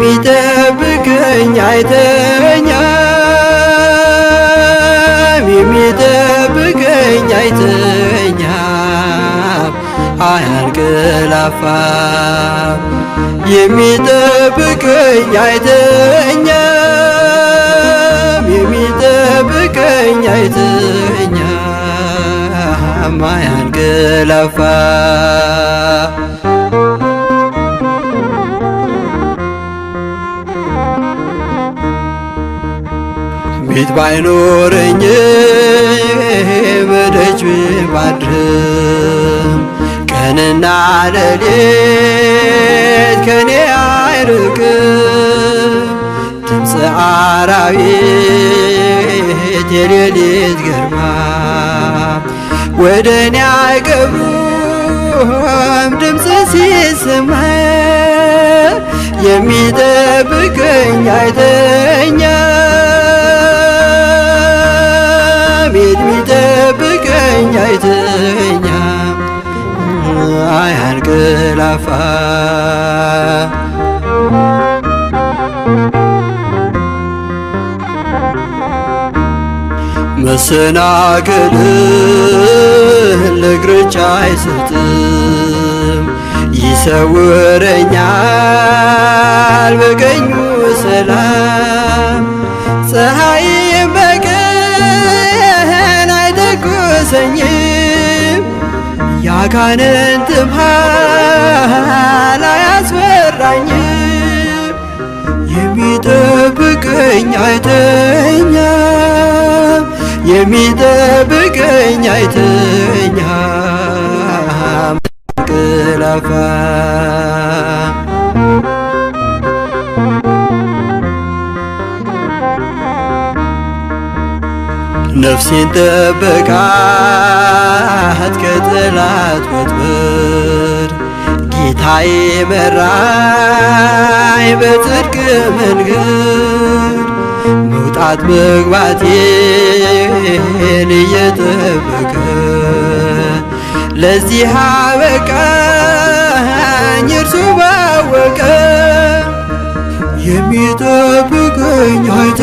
የሚጠብቀኝ አይተኛም፣ የሚጠብቀኝ አይተኛም፣ አያንቀላፋም። የሚጠብቀኝ አይተኛም፣ የሚጠብቀኝ አይተኛም፣ አያንቀላፋም። ቤት ባይኖረኝ በደጅ ባድርም ቀንና ሌሊት ከኔ አይርቅ ድምፅ አራዊት የሌሊት ግርማ ወደ እኔ አይገብሩም ድምፅ ሲሰማ የሚጠብቀኝ አይተኛ ጓደኛ አያንገላፋ መሰናክል ለእግሮች አይሰጥም፣ ይሰውረኛል በቀኙ ሰላም ፀሐይ በቀን መካንንት መሃል አያስፈራኝም፣ የሚጠብቀኝ አይተኛም፣ የሚጠብቀኝ አይተኛም። ቅላፋ ነፍሴን ጠበቃት ከጠላት ወጥመድ ጌታዬ መራኝ በጽድቅ መንገድ መውጣት መግባቴን እየጠበቀ ለዚህ አበቃኝ እርሱ ባወቀ የሚጠብቀኝ አይተ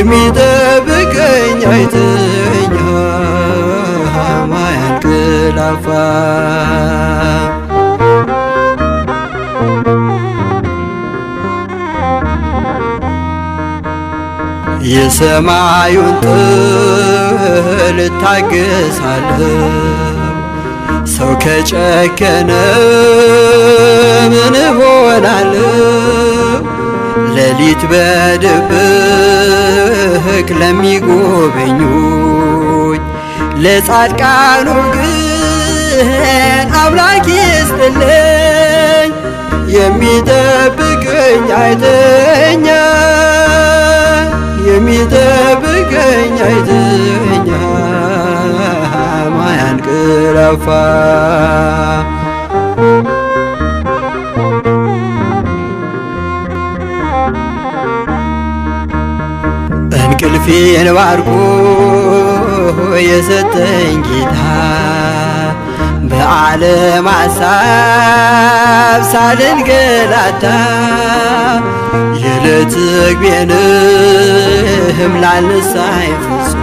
የሚጠብቀኝ አይተኛ ማያንቀላፋ የሰማዩን ጥል እታገሳለሁ ሰው ከጨከነ ምን ሆናለሁ ሌሊት በድብር መልክ ለሚጎበኙኝ ለጻድቃኑ ግን አምላክ ይስጥልኝ። የሚጠብቀኝ አይተኛ የሚጠብቀኝ አይተኛ ማያንቀላፋ ልቤን ባርኮ የሰጠኝ ጌታ በዓለም ሀሳብ ሳልንገላታ የዕለት ግቤንህም ላልሳይ ፍጹም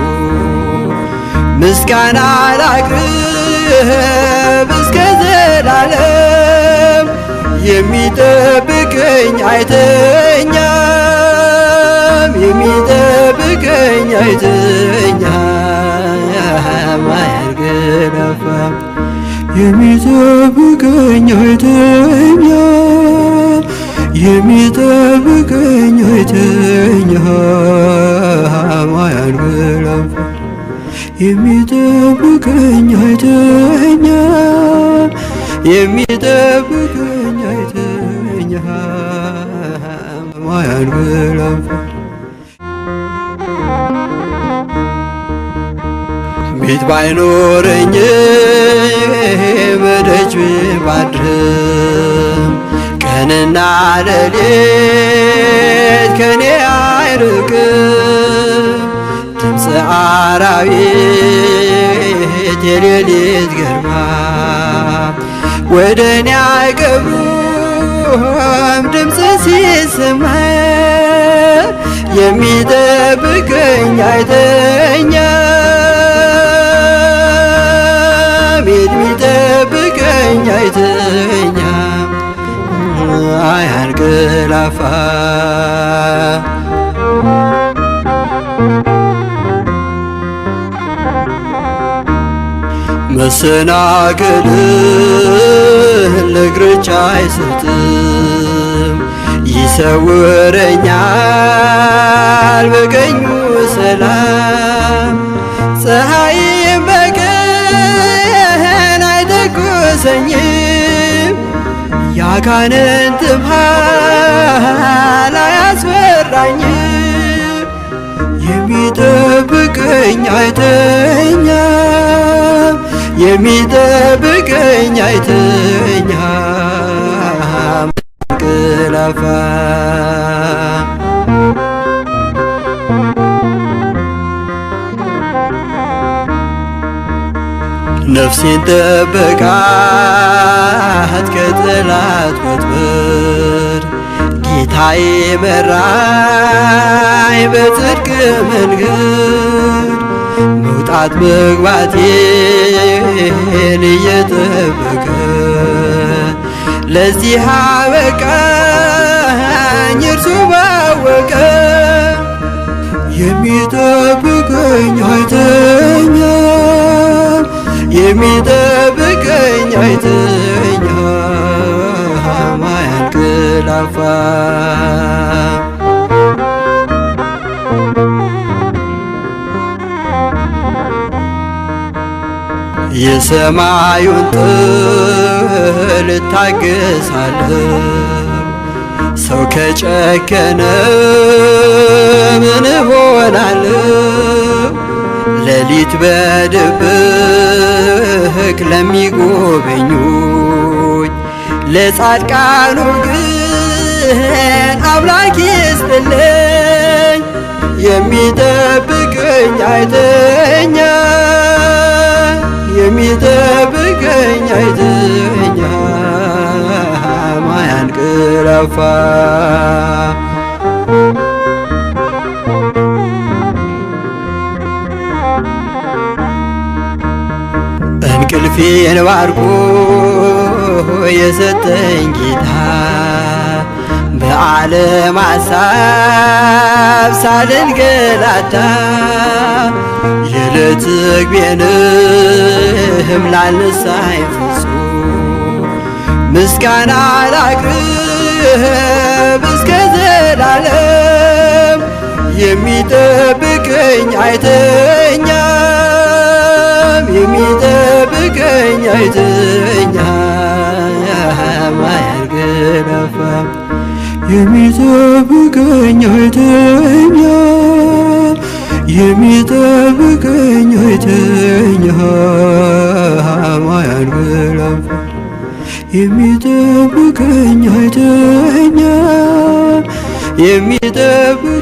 ምስጋና ላቅርብ እስከ ዘላለም የሚጠብቀኝ አይተ ያደረገኝ አይተኛ ማያርገዳፋ የሚጠብቀኝ አይተኛ የሚጠብቀኝ አይተኛ ማያርገዳፋ የሚጠብቀኝ አይተኛ የሚጠብቀኝ አይተኛ ማያርገዳፋ ቤት ባይኖረኝ በደጅ ባድርም ቀንና ሌሊት ከኔ አይርቅም ድምፅ አራዊት የሌሊት ግርማ ወደ እኔ አይገቡም ድምፅ ሲሰማ የሚጠብቀኝ አይተ አያንገላፋ መሰናክልህ ለእግሮች አይሰጥም፣ ይሰውረኛል በቀኙ ሰላም። ፀሐይም በቀን አይተኩሰኝም የመካንን ትምሃል አያስፈራኝ የሚጠብቀኝ አይተኛም የሚጠብቀኝ አይተኛም ቅላፋ ነፍሴን ጠበቃት ከጠላት ወጥመድ ጌታዬ መራኝ በጽድቅ መንገድ መውጣት መግባቴን እየጠበቀ ለዚህ አበቃኝ እርሱ ባወቀ የሚጠብቀኝ አይተኛ የሚጠብቀኝ አይተኛ ማያንቀላፋ የሰማዩን ጥል እታገሳለሁ ሰው ከጨከነ ምን እሆናለሁ ሌሊት በድብቅ ለሚጎበኙኝ ለጻድቃኑ ግን አምላክ ይስጥልኝ። የሚጠብቀኝ አይተኛ የሚጠብቀኝ አይተኛ ማያንቅረፋ አፌን ባርኮ የሰጠኝ ጌታ በዓለም አሳብ ሳልንገላታ የዕለት ምግቤንም ላልነሳኝ ፍጹም ምስጋና ላቅርብ እስከ ዘላለም የሚጠብቀኝ አይተኛ ትገኝ አይተኛ ማያርግን የሚጠብቀኝ የሚጠብቀኝ የሚጠብቀኝ የሚጠብ